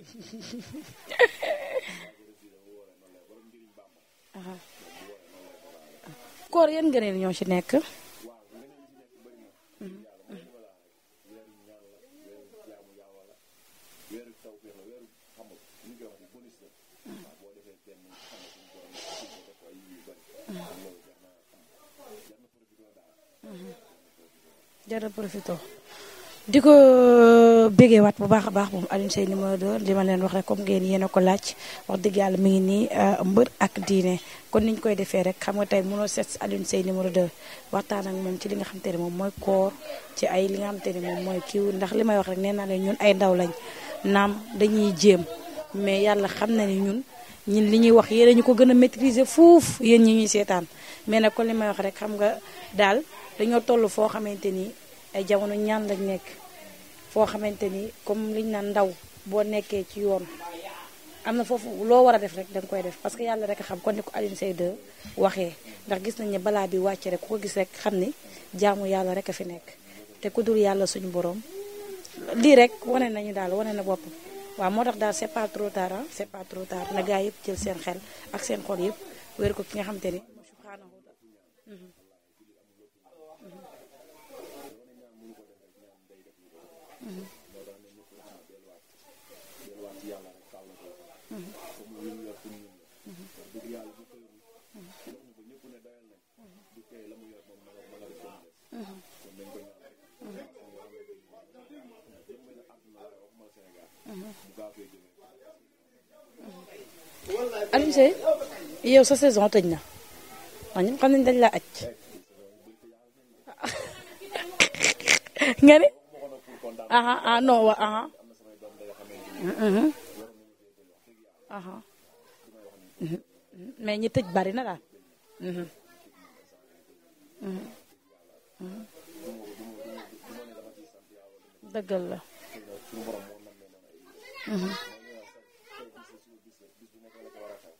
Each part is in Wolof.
koor yan ngëneel ñoo ci nekk jara profito di ko bëggee waat bu a baax moom Alioune Seye numéro 2 li ma leen wax rek a euh, ci li nga xam te ne moom mooy koor ci ay li nga xam te ne moom mooy kiiw ndax li wax rek nee naa ñun ay ndaw naam dañuy jéem mais yàlla xam na ni ñun li ñuy wax yéen ñu ko gën a maîtriser fuuf yéen ñi ñuy seetaan mais nag kon li may wax rek xam nga daal dañoo toll foo xamante ni ay jamono ñaan lañ nekk foo xamante ni comme li ñu naan ndaw boo nekkee ci yoon am na foofu loo war a def rek da koy def parce que yàlla rek a xam kon ni ko Alioune Seye 2 waxee ndax gis nañ ne balaa bi wàcce rek ku ko gis rek xam ni jaamu yàlla rek a fi nekk te ku dul yàlla suñu boroom lii rek wane nañu daal wane na bopp waaw moo tax daal c'est pas trop tard ah c'est trop tard na gaa yëpp jël seen xel ak seen xol yëpp wér ko ki nga xamante ni Alioune Seye yow sa saison tëj na ndax ñun xam nañ dañ laa aj nga ne aha ah non wa aha mm-hmm. aha mm-hmm. mais ñi tëj bari na daal mm-hmm. dëggal la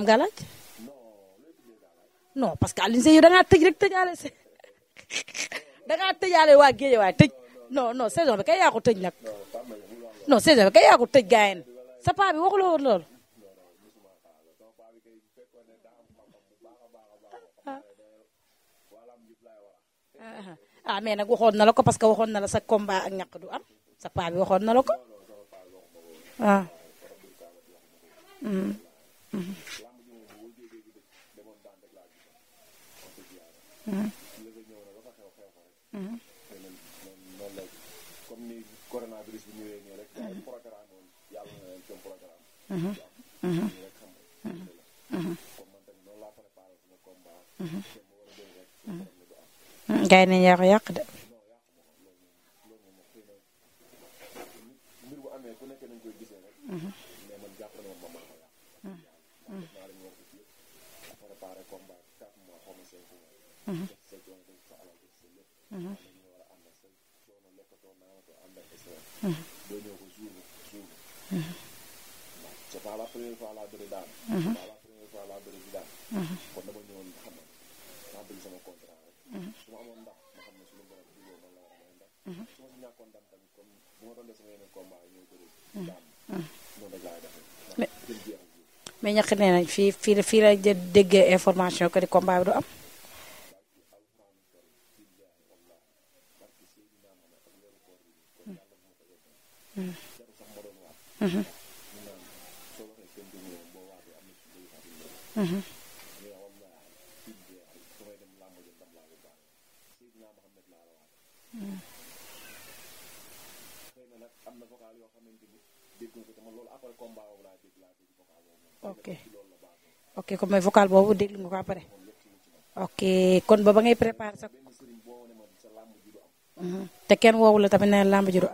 am nga laaj non parce que Alioune Seye yow da ngaa tëj rek tëjaale se da ngaa tëjaale waa Guèye waay tëj non non saison bi kay yaa ko tëj nag non saison bi kay yaa ko tëj gaayen sa paa bi waxuloo woon loolu. ah mais nag na la ko parce que waxoon na la sa combat ak ñàkk du am sa paa bi na la ko ah. Hmm. Hmm. comme ni coronavirus bi ñëwee nii rek daal programme ma war a dem rek su borom du am gars yi nañ yàqu yàq de non yàq ma loolu moom loolu moom xëy na mbir bu amee ku nekk nañ c'est pas mais mais nee nañ fii fii la fii information que ni combat bi du am. ok ok comme mooy vocal boobu déglu nga ko après ok kon ba ba ngay préparé te kenn woowu tamit ne làmb ji du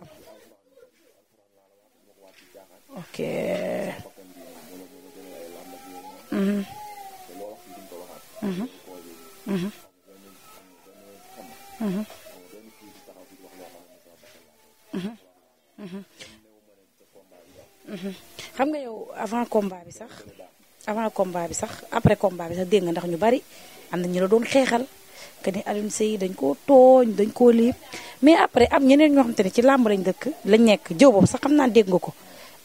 ok. xam nga yow avant combat bi sax avant combat bi sax après combat bi sax dégg nga ndax ñu bari am na ñu la doon xeexal que ni Alioune dañ ko tooñ dañ koo lii mais après am ñeneen ñoo xam te ci làmb lañ dëkk lañ nekk jëw boobu sax xam naa dégg nga ko.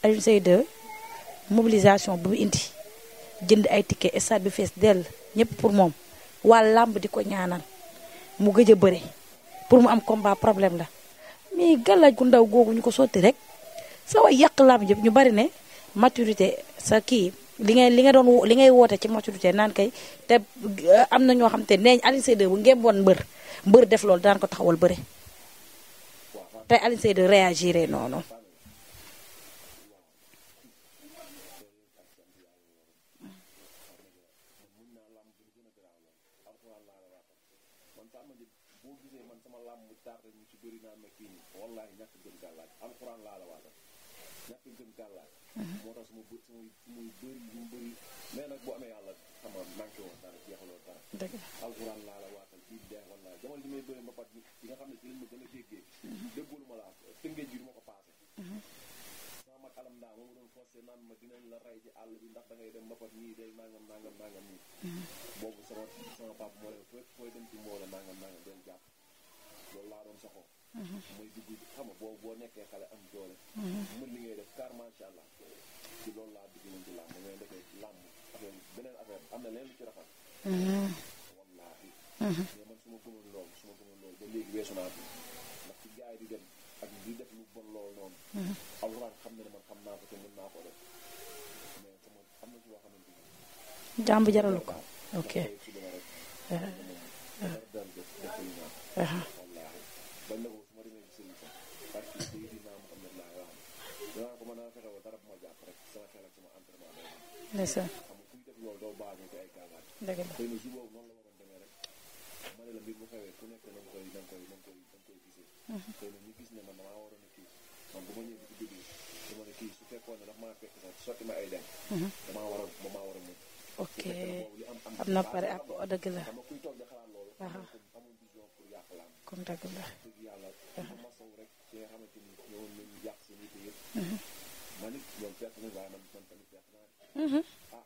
Aliou Seye 2 mobilisation bu indi jënd ay ticket stade bi fees dell ñëpp pour moom waa làmb di ko ñaanal mu gëj a bëre pour mu am combat problème la mais gàllaaj gu ndaw googu ñu ko sotti rek sa way yàq làmb yëpp ñu bari ne maturité sa kii li ngay li nga doon li ngay woote ci maturité naan kay te eh, am na ñoo xam te neeñ Aliou Seye 2 bu ngeen mbër mbër def loolu daan ko taxawal bëre te Aliou Seye 2 réagiré noonu teg. alxuraan laa la waatal fii dee wallaahi jamono li may bëri mbapat bi yi nga xam ne ci lañ ma gën a déggee. déggoolu ma laa tëngéej bi du ma ko paase. ma mag alam ndaa moom doon forcé naan ma dinañ la rey àll bi ndax da ngay dem mbapat nii day nangam nangam nangam nii. boobu sama sama papa moo leen fooy fooy dem ci mbooloo nangam nangam doon jàpp loolu laa doon saxoo. mooy dugg xam mm-hmm. nga boo boo nekkee xale am doole. mën li ngay def car macha allah. ci loolu laa dugg nañ ci làmb ngay defee làmb affaire beneen affaire am na leen lu ci rafet. Mhm. mais man su ma gëmoon loolu su ma gëmoon loolu ba léegi weesu naa ko ndax ci gaay di dem ak di def lu bon loolu noonu mhm. alxuraan a na ne man xam naa ko te mën naa ko def mais sama am na ci loo xamante ni jàmb jaralu ko ok uh-huh. uh-huh. uh-huh. ndeysaan dëgg ne la mbir bu xewee ku nekk na nga koy na nga koy na nga koy na nga koy gisee xëy na ñu gis ne man damaa waroon a kii man bu ma ñëwee ci dugg su ma ne kii su fekkoon ne daf maa fekk sax sotti ma ay dem damaa war a moom maa war a mën ok am na pare ak dëgg la dama kuy toog di xalaat loolu amul vision pour yàq la comme fekk na waaye man man tamit fekk naa ah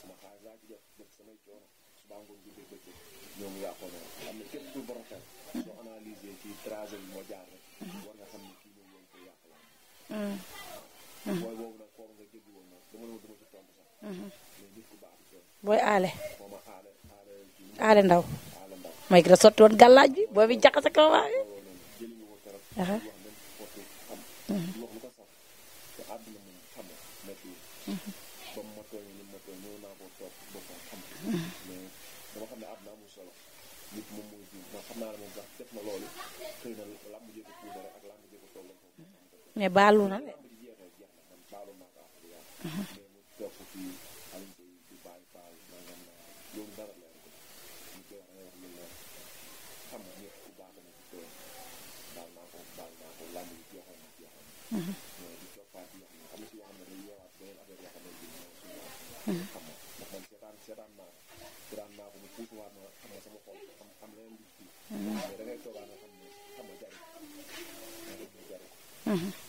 sama xaalis laa ci def def samay coono daa ngoon guddee bëccëg ñoom na am na képp ku borom xel bi moo jaar rek war nga xam ne kii moom yoon ko mm. Mm. booy nga jégg woon nag dama dama ci tontu sax mm-hmm. mais nit ku baax bi soon booy aale mooma aale aale aale ndaw aale ndaw mooy ki la sotti woon gàllaaj bi boo bi jaxase ko waaye jëliñu ko mais baalu na de. Mm-hmm. mm-hmm. mm-hmm.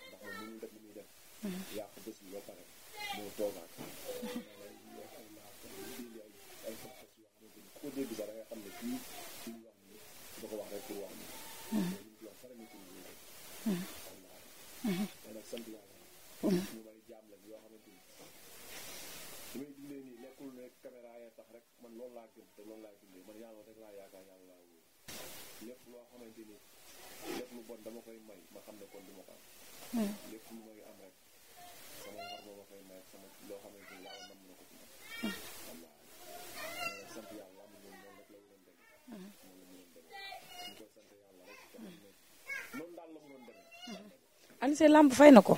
Alioune Seye lamb fay na ko.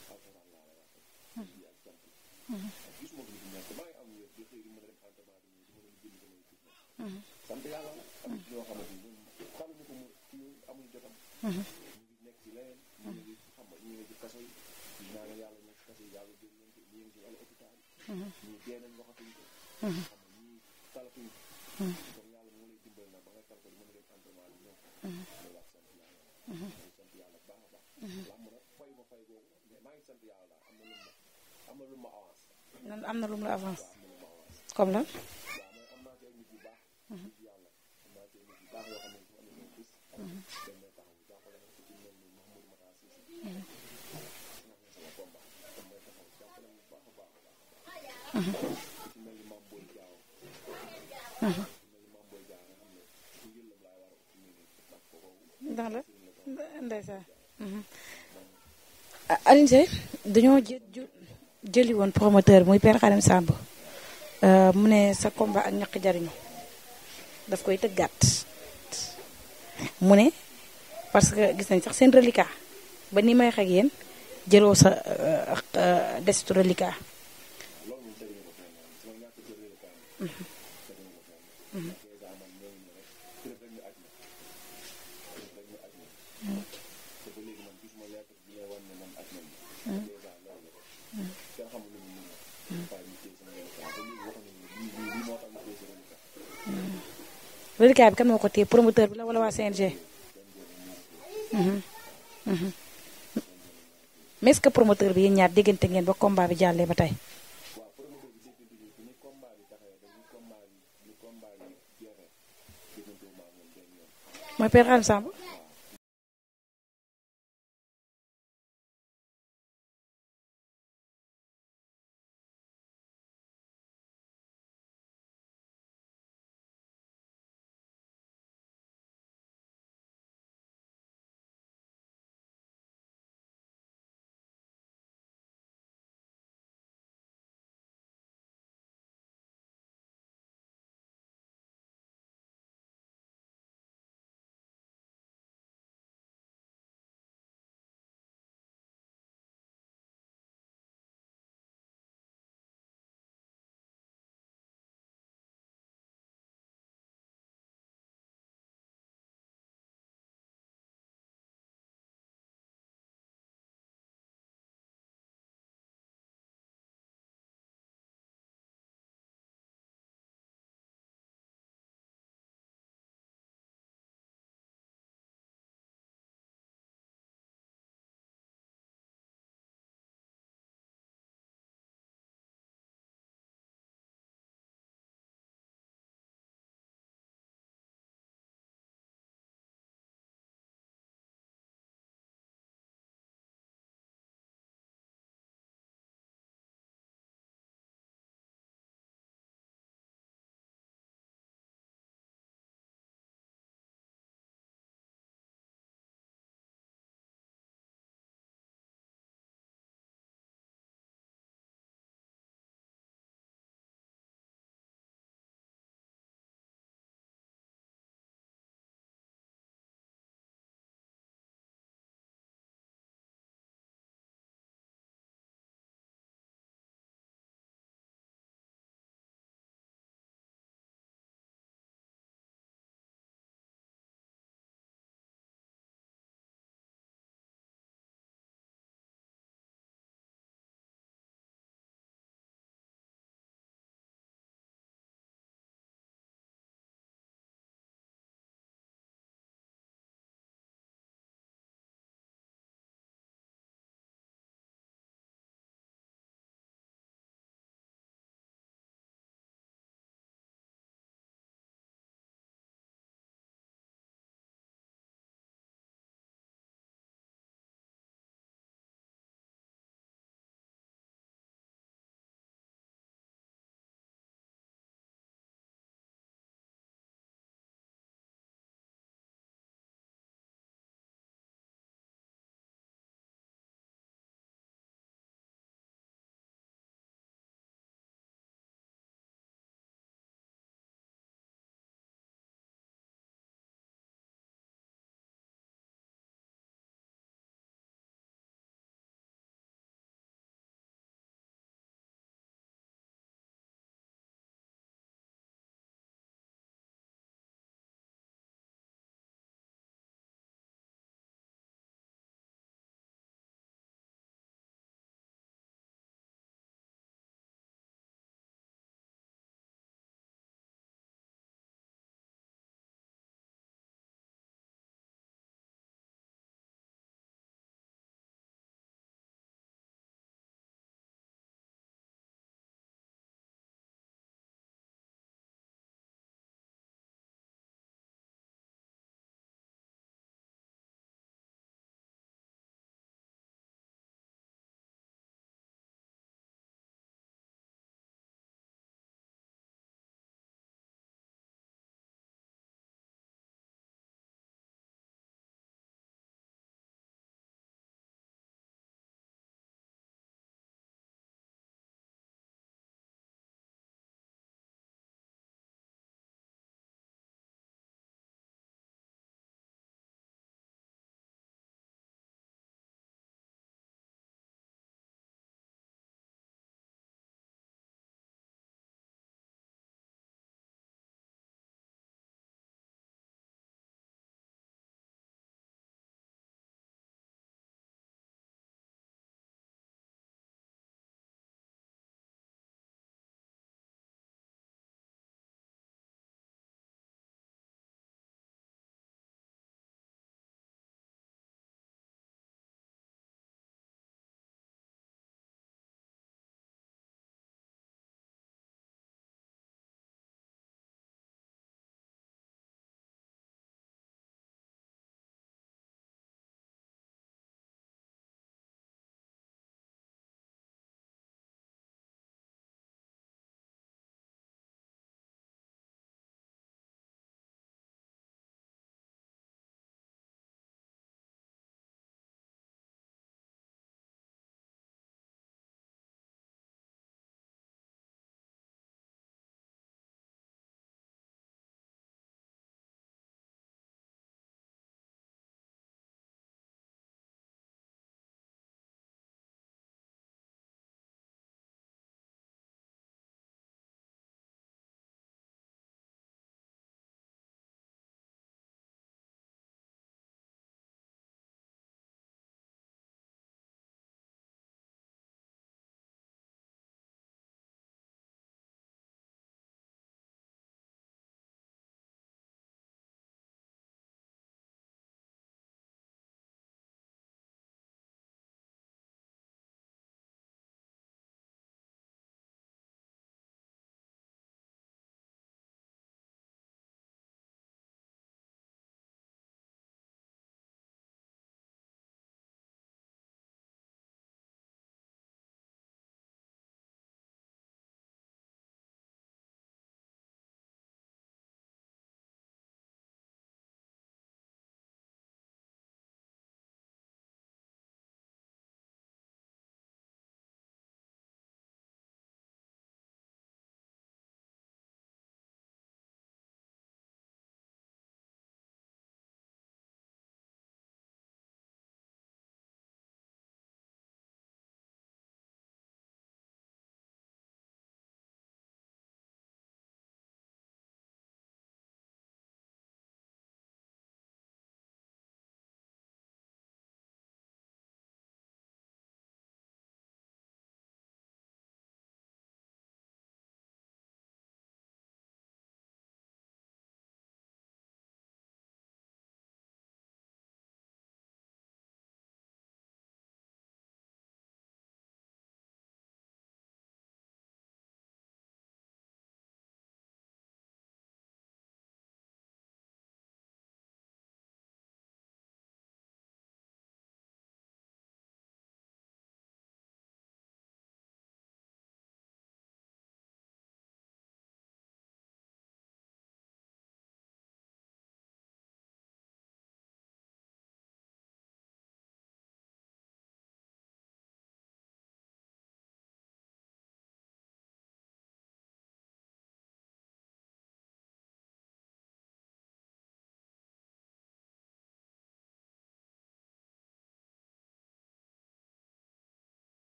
am na lu mu la avance comme lan. ndax la ndeysaan mhm. Alioune Seye dañoo jël jëli woon promoteur muy Père Xarim Samb euh, mu ne sa combat ak ñaq jariñu daf koy tëggaat mu ne parce que gis nañ sax seen reliquat ba ni may wax ak yéen jëloo sa euh, euh, desitu reliquat. reliquat bi kan moo ko téye promoteur bi la wala waa CNG. Mhm, mhm. mais ce que promoteur bi yéen ñaar déggante ngeen ba combat bi jàllee ba tey. mooy père ensemble.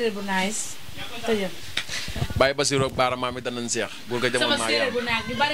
séeréer bu nice tëjël. bàyyi Basirou ak Baara maam yi danañ seex. bul ka jamono maa